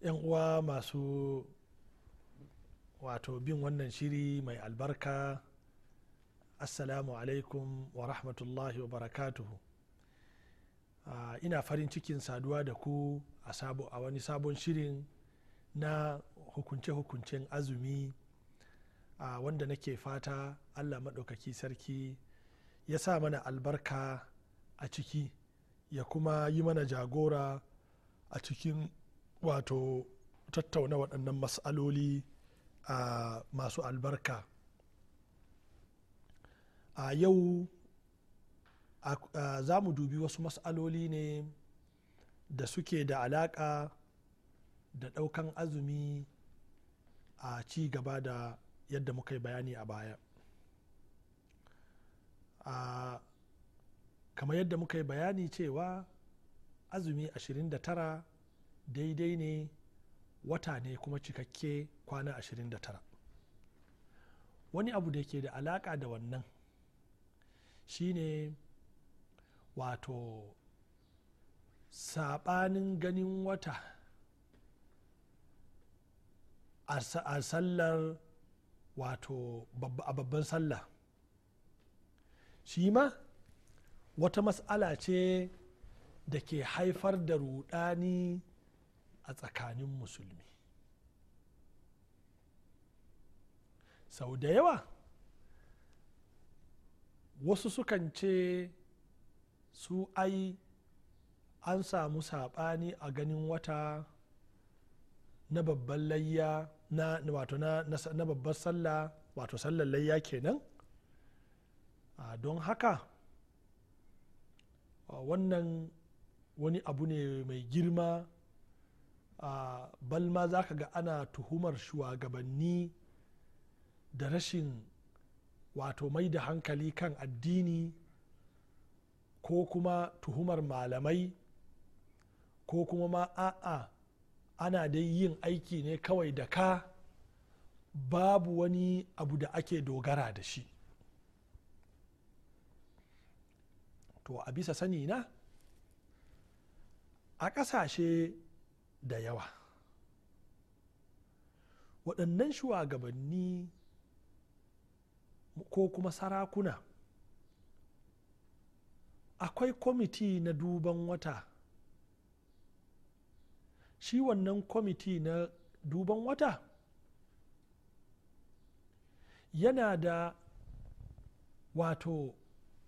'yan uwa masu wato bin wannan shiri mai albarka assalamu alaikum wa rahmatullahi wa barakatuhu ina farin cikin saduwa da ku a wani sabon shirin na hukunce-hukuncen azumi a wanda nake fata allah maɗaukaki sarki ya sa mana albarka a ciki ya kuma yi mana jagora a cikin wato tattauna waɗannan masaloli a masu albarka a yau za mu dubi wasu masaloli ne da suke da alaƙa da ɗaukan azumi a ci gaba da yadda muka yi bayani a baya a kamar yadda muka yi bayani cewa azumi tara. daidai ne wata ne kuma cikakke kwana 29 wani abu da ke da alaka da wannan shine wato saɓanin ganin wata a sallar wato a babban sallah shi ma wata matsala ce da ke haifar da rudani a tsakanin musulmi sau da yawa wasu sukan ce su ai an samu saɓani a ganin wata na babban layya na wato na, na, na babbar sallah wato sallar layya kenan don haka wannan wani abu ne mai girma balma za ka ga ana tuhumar shugabanni da rashin wato mai da hankali kan addini ko kuma tuhumar malamai ko kuma ma a'a ana dai yin aiki ne kawai da ka babu wani abu da ake dogara da shi to a bisa sani na a ƙasashe da yawa waɗannan shugabanni ko kuma sarakuna akwai kwamiti na duban wata shi wannan kwamiti na duban wata yana da wato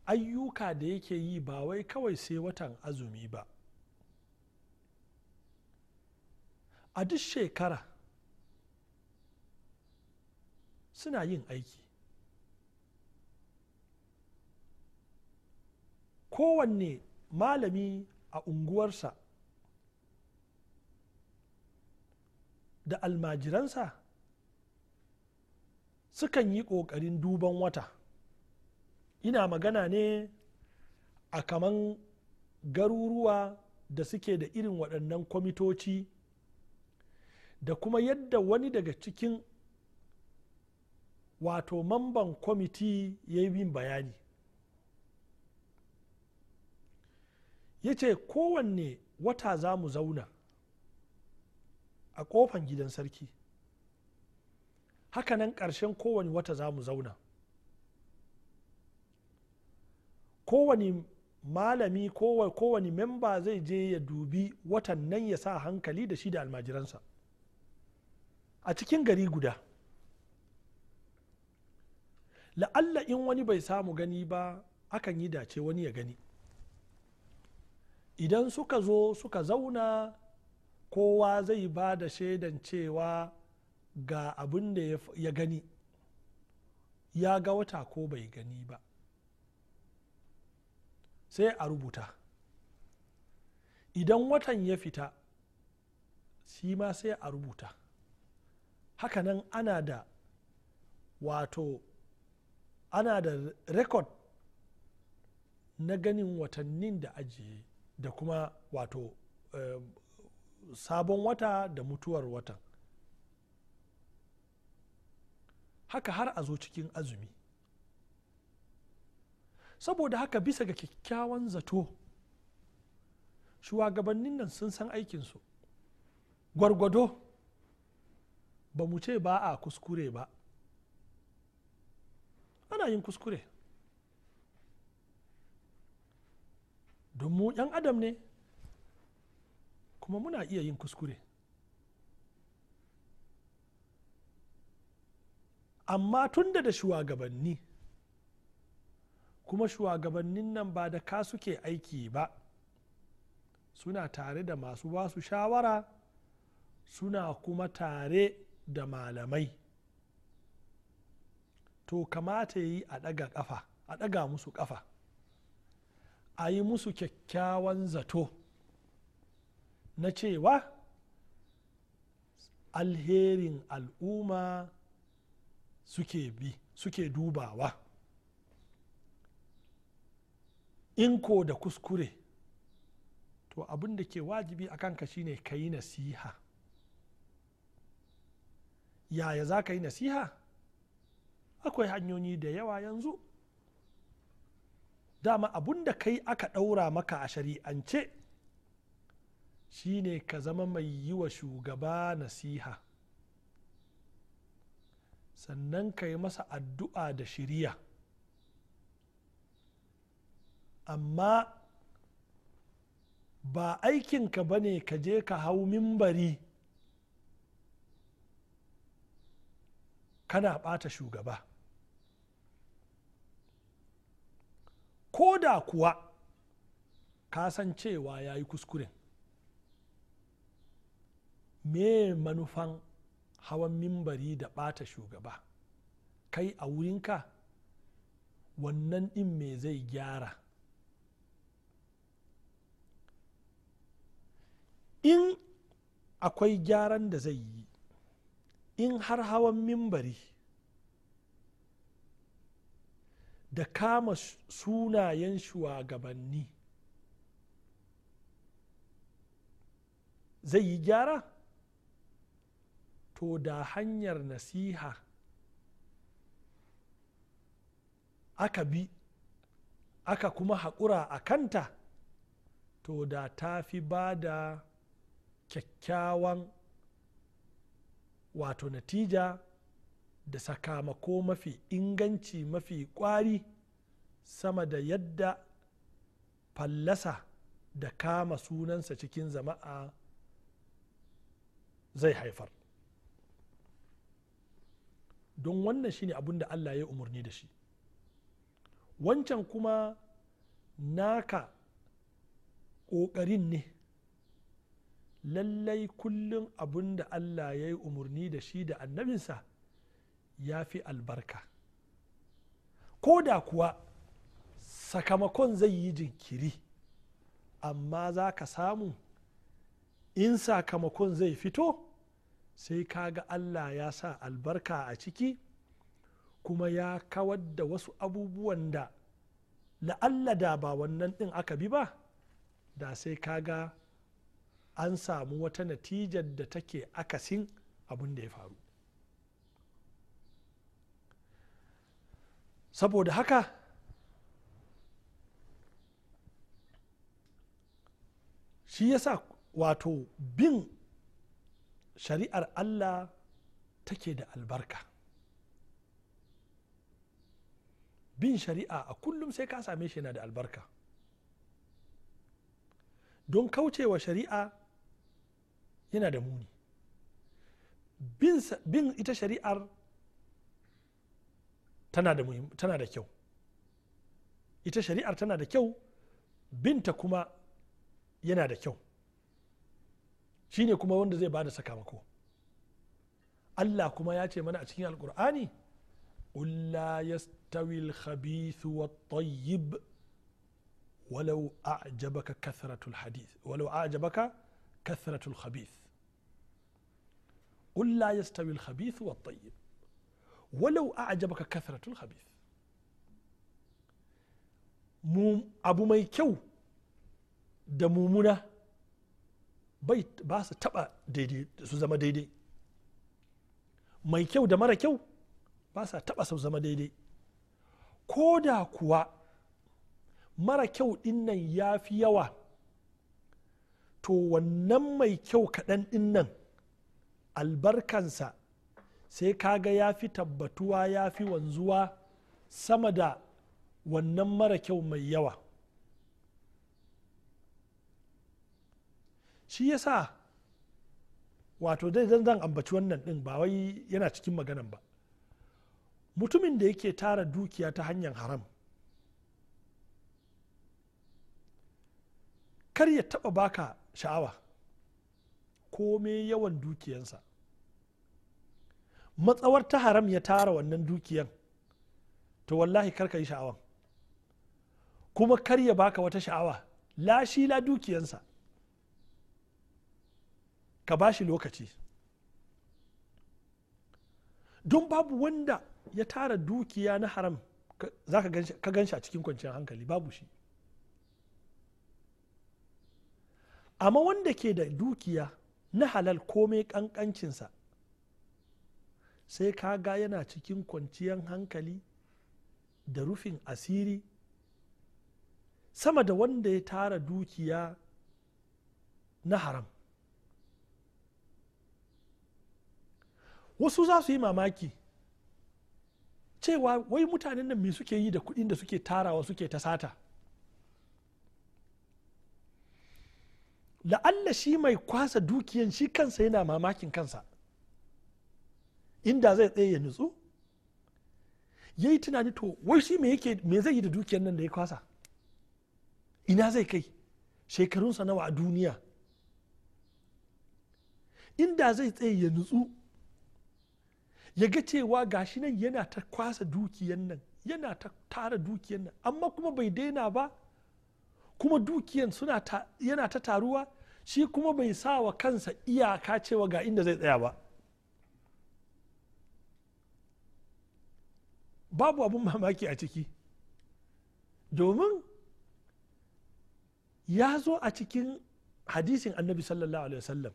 ayyuka da yake yi ba wai kawai sai watan azumi ba a duk shekara suna yin aiki kowanne malami a unguwarsa da almajiransa sukan yi ƙoƙarin duban wata ina magana ne a kaman garuruwa da suke da irin waɗannan kwamitoci da kuma yadda wani daga cikin wato mamban kwamiti ya yi bayani ya ce kowanne wata za mu zauna a kofan gidan sarki hakanan ƙarshen kowane wata za mu zauna kowane malami kowane memba zai je ya dubi watan nan ya sa hankali da shi da almajiransa a cikin gari guda la'alla in wani bai samu gani ba akan yi dace wani ya gani idan suka zo suka zauna kowa zai ba da shaidan cewa ga abin da ya gani ya ga wata ko bai gani ba sai a rubuta idan watan ya fita shi ma sai a rubuta Haka nan ana da wato ana da rekod na ganin watannin da ajiye da kuma wato eh, sabon wata da mutuwar watan haka har a zo cikin azumi saboda haka bisa ga kyakkyawan zato shugabannin nan sun san aikinsu gwargwado ba mu ce ba a kuskure ba ana yin kuskure don mu yan adam ne kuma muna iya yin kuskure amma tunda da shugabanni kuma shugabannin nan ba da ka suke aiki ba suna tare da masu basu shawara suna kuma tare da malamai to kamata yi a ɗaga ƙafa a ɗaga musu ƙafa a yi musu kyakkyawan zato na cewa alherin al'umma suke bi suke dubawa in ko da kuskure to abin da ke wajibi a kanka shine ka yi nasiha yaya za ka yi nasiha akwai hanyoyi da yawa yanzu dama abun da kai aka ɗaura maka a shari'ance shine ka zama mai yi wa shugaba nasiha sannan ka yi masa addu'a da shirya amma ba aikinka ba ne ka je ka hau mimbari kana ɓata shugaba ko da kuwa ka san cewa ya yi kuskuren me manufan hawan mimbari da ɓata shugaba kai a wurinka wannan ɗin me zai gyara in akwai gyaran da zai yi in har hawan mimbari da kama sunayen shugabanni zai yi gyara to da hanyar nasiha aka bi aka kuma haƙura a kanta to da ta fi ba da kyakkyawan wato natija da sakamako mafi inganci mafi kwari sama da yadda fallasa da kama sunansa cikin zama'a zai haifar don wannan shine abin da allah ya umarni da shi wancan kuma naka ƙoƙarin ne lallai kullum abin da allah ya yi umarni da shi da annabinsa ya fi albarka ko da kuwa sakamakon zai yi jinkiri amma za ka samu in sakamakon zai fito sai ka ga allah ya sa albarka a ciki kuma ya kawar da wasu abubuwan da la'alla da ba wannan ɗin aka bi ba da sai kaga an samu wata natijar da take akasin abin da ya faru saboda haka shi yasa wato bin shari'ar allah take da albarka bin shari'a a kullum sai ka same shi yana da albarka don kaucewa shari'a yana da muni bin ita shari'ar tana da tana da kyau ita shari'ar tana da kyau binta kuma yana da kyau shine kuma wanda zai bada sakamako Allah kuma ya ce mana a cikin alkur'ani la yastawi al-khabith wat-tayyib walau a'jabaka kathratul hadith walau a'jabaka kathratul khabith قل لا يستوي الخبيث والطيب walau a ajabaka kathratul khabith abu mai kyau da mumuna bai ba su taba daidai su zama daidai mai kyau da mara kyau ba sa taba su zama daidai ko da kuwa mara kyau dinnan ya fi yawa to wannan mai kyau kaɗan dinnan albarkansa sai kaga ya fi tabbatuwa ya fi wanzuwa sama da wannan mara kyau mai yawa shi yasa wato dai zan zan ambaci wannan din ba wai yana cikin maganan ba mutumin da yake tara dukiya ta hanyar haram kar ya taba baka sha'awa komai yawan dukiyansa matsawar ta haram ya tara wannan dukiyan to wallahi ka yi sha'awa kuma kar ya baka wata sha'awa la shi la dukiyansa ka ba shi lokaci don babu wanda ya tara dukiya na haram za ka gan shi a cikin kwanciyar hankali babu shi amma wanda ke da dukiya na halal komai kankancinsa sai kaga yana cikin kwanciyar hankali da rufin asiri sama da wanda ya tara dukiya na haram wasu za su yi mamaki cewa wai mutanen nan me suke yi da kudin da suke tarawa suke ta sata la'alla shi mai kwasa dukiyan shi kansa yana mamakin kansa inda zai tsaye ya nutsu ya yi tunani to wai shi me zai yi da dukiyan nan da ya kwasa ina zai kai shekarunsa nawa a duniya inda zai tsaye ya nutsu ya ga cewa gashi nan yana ta kwasa dukiyan nan yana ta tara dukiyan nan amma kuma bai daina ba kuma dukiyan yana ta taruwa shi kuma bai sa wa kansa iyaka cewa ga inda zai tsaya ba babu abin mamaki a ciki domin ya zo a cikin hadisin annabi sallallahu alaihi wasallam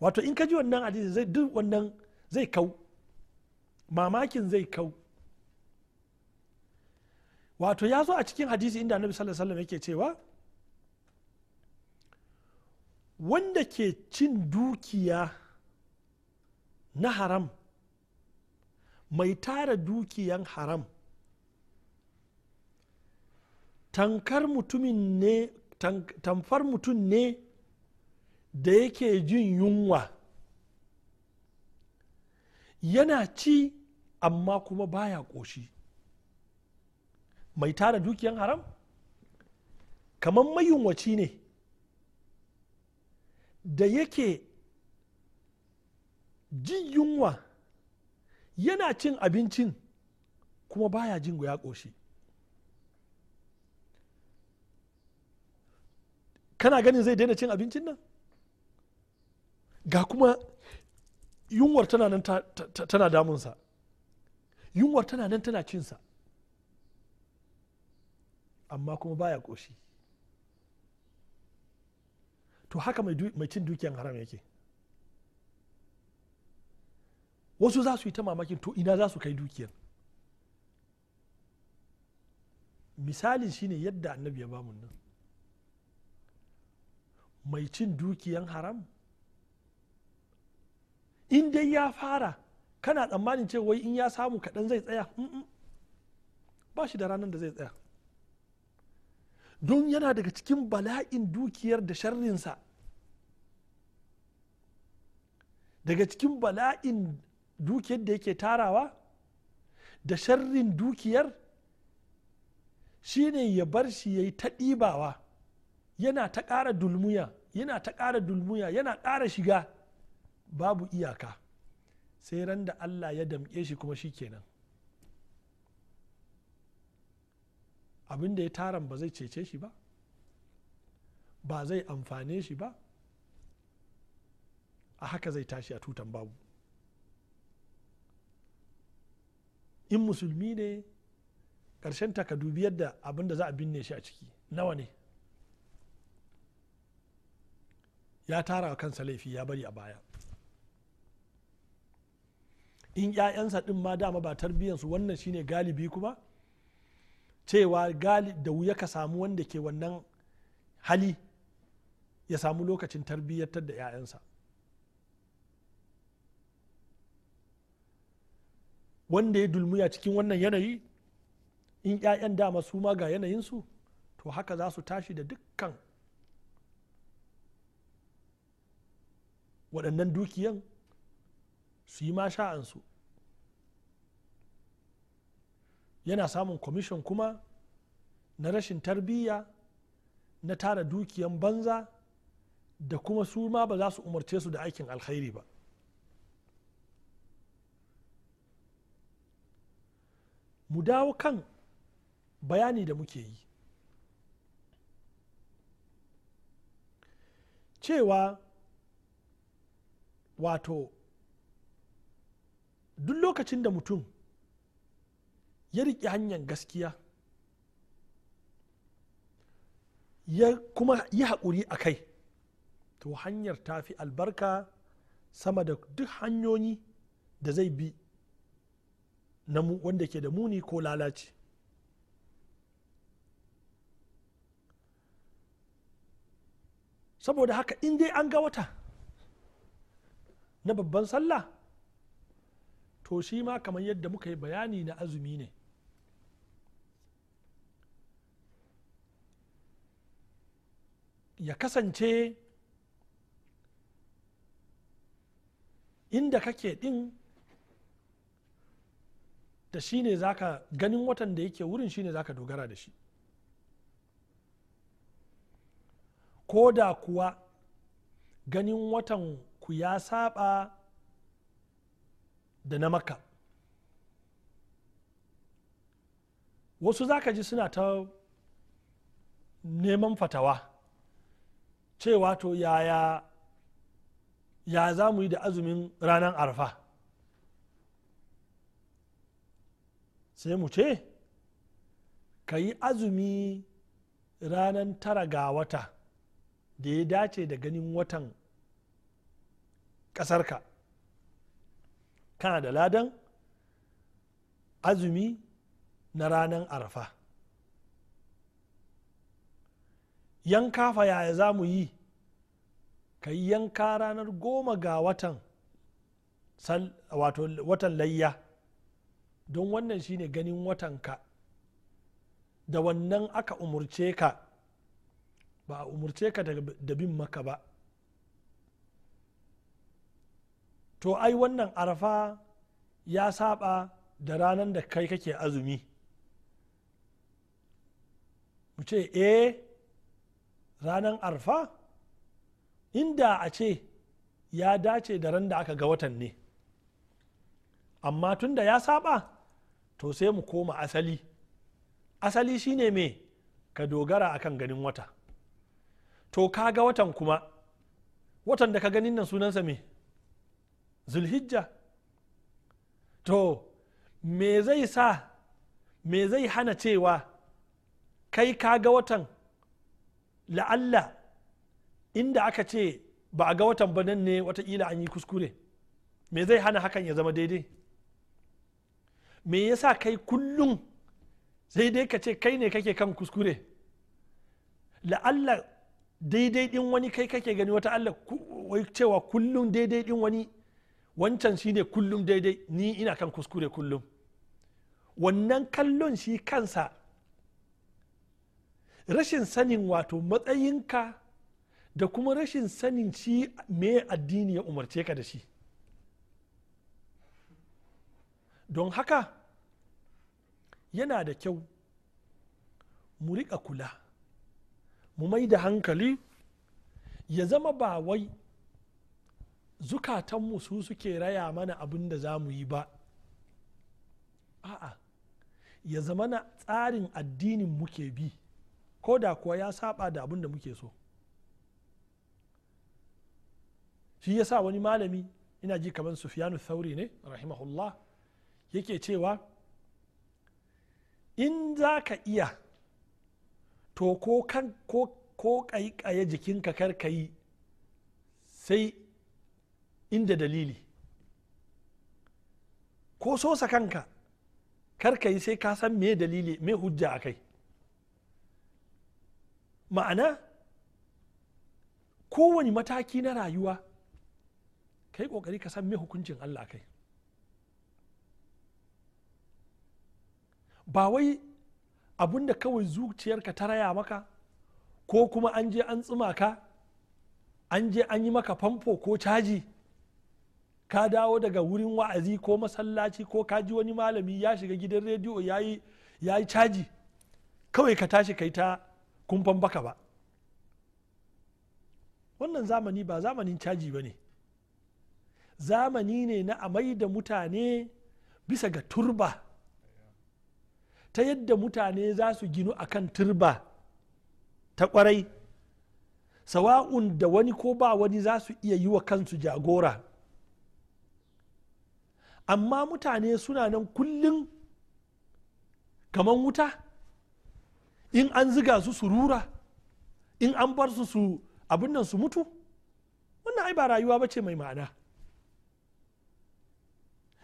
wato in ka ji wannan hadisi zai duk wannan zai kau mamakin zai kau wato ya zo a cikin hadisi inda annabi sallallahu alaihi wasallam yake cewa wanda ke cin dukiya na haram mai tara dukiyan haram tankar mutumin ne tamfar mutum ne da yake jin yunwa yana ci amma kuma baya ƙoshi mai tara dukiyan haram kamar mayunwaci ne da yake jin yunwa yana cin abincin kuma baya jin ya ƙoshi kana ganin zai daina cin abincin nan ga kuma yunwar tana nan tana damunsa yunwar tana nan tana cinsa amma kuma baya ƙoshi to haka mai cin dukiyan haram yake wasu za su yi ta mamakin to ina za su kai dukiyan misali shine yadda annabi ya bamu nan mai cin dukiyan haram in dai ya fara kana tsammanin cewa in ya samu kaɗan zai tsaya ba shi da ranar da zai tsaya don yana daga cikin bala'in dukiyar da sharrinsa daga cikin bala'in dukiyar da yake tarawa da sharrin dukiyar shine ya bar shi ya yi ta ɗibawa yana ta ƙara dulmuya yana ta ƙara dulmuya yana ƙara shiga babu iyaka sai ran da allah ya damƙe shi kuma shi kenan abin da ya taran ba zai cece shi ba ba zai amfane shi ba a haka zai tashi a tutan babu in musulmi ne ƙarshen ka dubi yadda abin da za a binne shi a ciki nawa ne ya tara wa kansa laifi ya bari a baya in 'ya'yansa ɗin ma dama ba tarbiyyansu wannan shine galibi kuma cewa gali da wuya ka samu wanda ke wannan hali ya samu lokacin tarbiyyar da 'ya'yansa wanda ya dulmuya cikin wannan yanayi in 'ya'yan dama su ma ga yanayinsu to haka za su tashi da dukkan waɗannan dukiyan su yi ma sha'ansu yana samun kwamishin kuma na rashin tarbiyya na tara dukiyan banza da kuma su ma ba za su umarce su da aikin alkhairi ba mu dawo kan bayani da muke yi cewa wato duk lokacin da mutum ya riƙe hanyar gaskiya ya kuma yi haƙuri a kai to hanyar ta fi albarka sama da duk hanyoyi da zai bi na wanda ke da muni ko lalaci saboda haka in dai an ga wata na babban sallah to shi ma kamar yadda muka yi bayani na azumi ne ya kasance inda kake din da shi ne za ka ganin watan da yake wurin shi ne za ka dogara da shi ko da kuwa ganin watan ku ya saba da na maka wasu za ka ji suna ta neman fatawa cewa to yaya ya za mu yi da azumin ranar arfa sai mu ce ka yi azumi ranar tara ga wata da ya dace da ganin watan ƙasarka kana da ladan azumi na ranar arfa yanka fa yaya za mu yi ka yi yanka ranar goma ga watan wato watan layya don wannan shine ganin watanka da wannan aka umurce ka ba a umurce ka da bin maka ba to ai wannan arafa ya saba da ranar da kai kake azumi mu ce eh ranar arfa inda a ce ya dace da ran da aka ga watan ne amma tun da ya saba to sai mu koma asali asali shine me ka dogara akan ganin wata to ka ga watan kuma watan da ka ganin nan sunansa me zulhijja to me zai sa me zai hana cewa kai ka ga watan la'alla inda aka ce ba a ga watan ba nan ne watakila an yi kuskure me zai hana hakan ya zama daidai me yasa kai kullum sai dai ka ce kai ne kake kan kuskure la'alla daidai din wani kai kake gani wata allah wai cewa kullum daidai din wani wancan shi ne kullum daidai ni ina kan kuskure kullum wannan kallon shi kansa rashin sanin wato matsayinka da kuma rashin sanin ci me addini ya umarce ka da shi don haka yana da kyau mu riƙa kula mu mai da hankali ya zama ba wai zukatanmu su suke raya mana abin da za mu yi ba a'a ya zama na tsarin addinin muke bi ko da kuwa ya saba da abin da muke so shi ya sa wani malami ina ji kamar sufyanu sauri ne rahimahullah yake cewa in za ka iya to ko kan ko ko jikinka kar ka yi sai inda dalili ko sosa kanka kar ka sai ka san me dalili me hujja a kai ma'ana kowane mataki na rayuwa ka yi ƙoƙari ka san me hukuncin allah kai ba wai abun da kawai zuciyarka ta raya maka ko kuma an je an tsuma ka an je an yi maka famfo ko caji ka dawo daga wurin wa'azi ko masallaci ko kaji wani malami ya shiga gidan rediyo ya yi caji kawai ka tashi kai ta kumfan baka ba wannan zamani ba zamanin caji ba ne zamani ne na amai da mutane bisa ga turba ta yadda mutane za su ginu a kan turba ta kwarai sawa'un da wani ko ba wani za su iya yi wa kansu jagora amma mutane suna nan kullum kaman wuta in an ziga su su rura in an bar su su abin nan su mutu wannan ai ba rayuwa ba ce mai ma'ana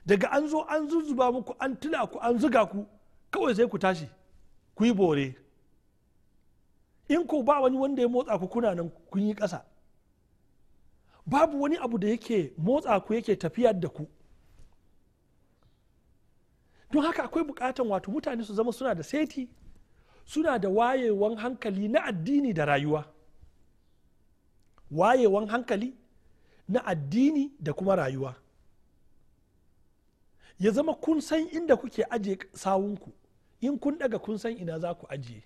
daga an zo an zuzzuba muku an tila ku an ziga ku kawai sai ku tashi ku yi bore in ko ba wani wanda ya motsa ku kuna nan kun yi ƙasa babu wani abu da yake motsa ku yake tafiya da ku don haka akwai bukatan wato mutane su zama suna da seti suna da wayewan hankali na addini da rayuwa wayewan hankali na addini da kuma rayuwa ya zama kun san inda kuke ajiye sawunku in kun daga kun san ina za ku ajiye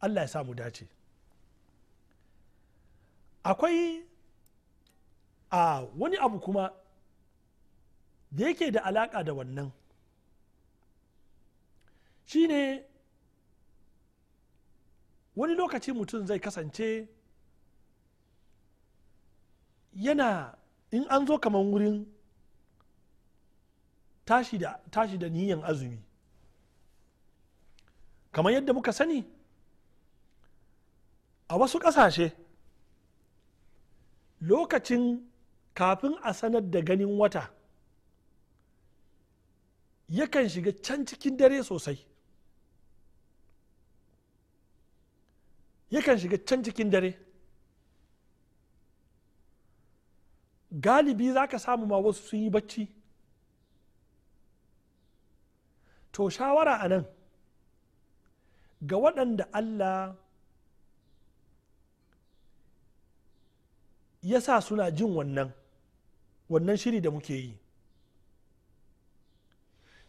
allah ya samu dace akwai a wani abu kuma da yake da alaka da wannan shine wani lokaci mutum zai kasance yana in an zo kamar wurin tashi da, niyan azumi kamar yadda muka sani a wasu ƙasashe lokacin kafin a sanar da ganin wata yakan shiga can cikin dare sosai yakan shiga can cikin dare galibi za ka samu ma wasu sun yi bacci to shawara a nan ga waɗanda allah ya sa suna jin wannan wannan shiri da muke yi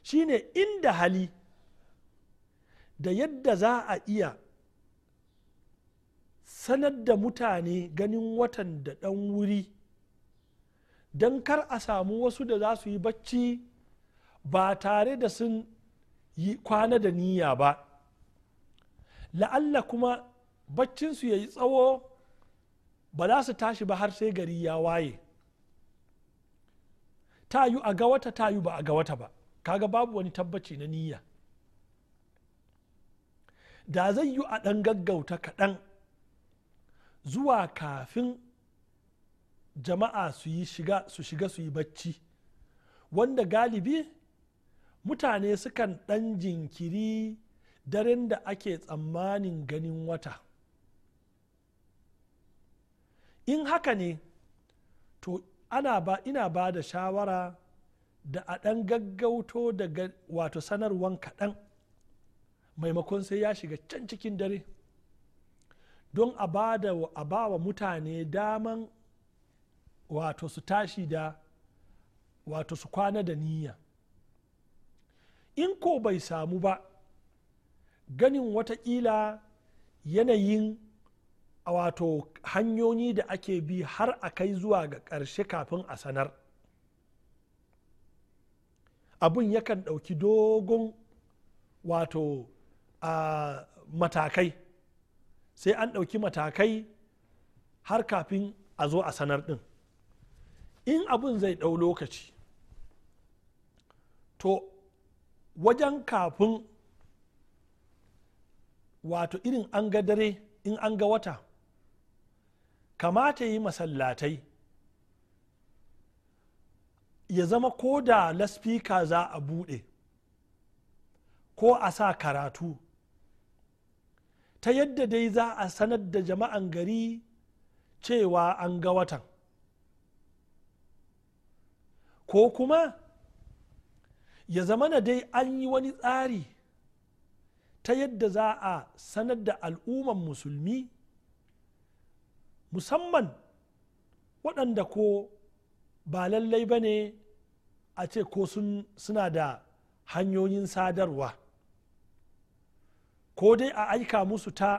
shine inda hali da yadda za a iya sanar da mutane ganin watan da ɗan wuri don kar a samu wasu da za su yi bacci ba tare da sun yi kwana da niyya ba la'alla kuma baccinsu ya yi tsawo ba za su tashi ba har sai gari ya waye Ta tayu a ga wata tayu ba a ga wata ba kaga babu wani tabbaci na niyya da zai yi a ɗan gaggauta kaɗan zuwa kafin jama'a su yi shiga su shiga su yi bacci wanda galibi mutane sukan ɗan jinkiri daren da ake tsammanin ganin wata in haka ne to ana ba ina ba da shawara da a ɗan gaggauto daga wato sanarwan kaɗan maimakon sai ya shiga can cikin dare don a ba wa mutane daman wato su tashi da wato su kwana da niyya in ko bai samu ba ganin watakila yanayin a wato hanyoyi da ake bi har a kai zuwa ga ƙarshe kafin a sanar abun yakan ɗauki dogon wato a matakai sai an ɗauki matakai har kafin a zo a sanar ɗin in abin zai ɗau lokaci to wajen kafin wato irin an ga dare in an ga wata kamata yi masallatai ya zama ko da laspika za a buɗe ko a sa karatu ta yadda dai za a sanar da jama'an gari cewa an ga watan ko kuma ya zamana dai an yi wani tsari ta yadda za a sanar da al'umman musulmi musamman waɗanda ko ba lallai ba ne a ce ko suna da hanyoyin sadarwa ko dai a aika musu ta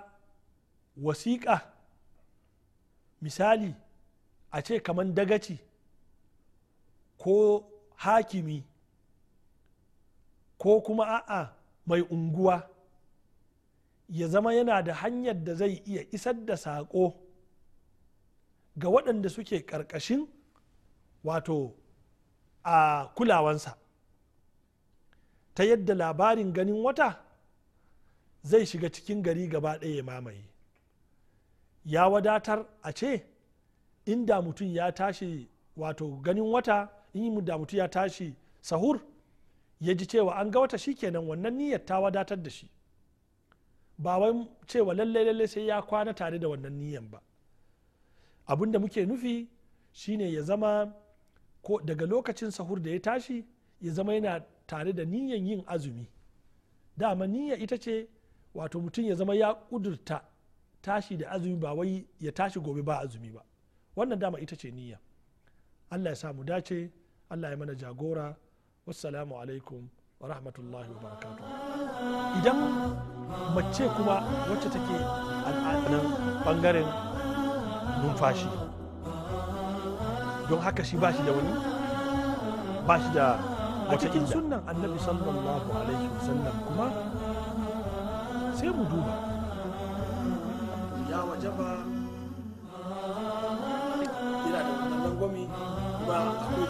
wasiƙa misali a ce kamar dagaci ko hakimi ko kuma a'a mai unguwa ya zama yana da hanyar da zai iya isar da saƙo ga waɗanda suke ƙarƙashin wato a kulawansa ta yadda labarin ganin wata zai shiga cikin gari gaba ɗaya mamaye ya wadatar a ce inda mutum ya tashi wato ganin wata in da mutum ya tashi sahur ya ji cewa an ga wata shi kenan wannan niyyar ta wadatar da shi ba wai cewa lallai lallai sai ya kwana tare da wannan niyyar ba abinda muke nufi shine ya zama ko daga lokacin sahur da ya tashi ya zama yana tare da niyyar yin azumi dama niyya ita ce wato mutum ya zama ya kudurta tashi da azumi ba wai ya tashi gobe ba azumi ba wannan dama ita ce niyya allah ya samu dace allah ya mana jagora wassalamu alaikum wa rahmatullahi wa barakatuh idan mace kuma wacce take al'adunan bangaren numfashi don haka shi bashi da wani bashi da wata cikin sunan annabi sallallahu alaihi wasallam kuma sai mu duba ya waje ba yana da wannan langwami ba akwai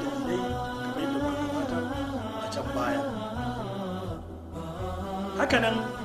dalilai kamar yadda ba a can baya hakanan